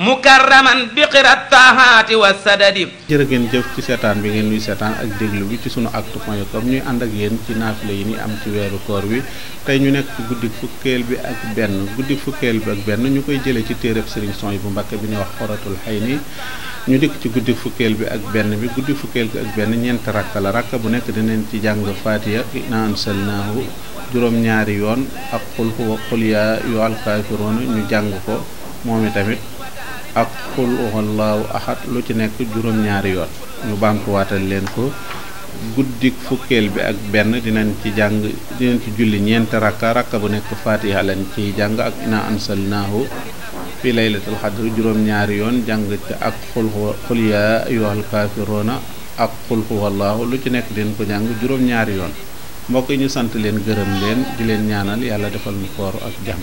mukarraman bi qirat taahaati wa sadadi jërë ngeen jëf ci seetaan bi ngeen nuy seetaan ak déglu bi ci sunu actu point com ñuy ànd ak yéen ci naafile yi ni am ci weeru koor wi tey ñu nekk ci guddi fukkeel bi ak benn guddi fukkeel bi ak benn ñu koy jëlee ci téereb Sëriñ yi bu Mbàkke bi ñuy wax xoratul xay ni ñu dikk ci guddi fukkeel bi ak benn bi guddi fukkeel bi ak benn ñeent rakka la rakka bu nekk dinañ ci jàng faatiya inaa ansalnaahu juróom ñaari yoon ak xul huwa yu alkaafiruun ñu jàng ko moom i ak xul huwallaahu ahad lu ci nekk juróom-ñaari yoon ñu baamtuwaatal leen ko guddik fukkeel bi ak benn dinañ ci jàng dinañ ci julli ñeenti rakka rakka bu nekk fatiha lañ ciy jàng ak ina ansalnaahu fi laylatul xadri juróom-ñaari yoon jàng ci ak xul xul yaa ayyuhal ak xul huwallaahu lu ci nekk dinañ ko jàng juróom-ñaari yoon mbokk yi ñu sant leen gërëm leen di leen ñaanal yàlla defal ñu koor ak jàmm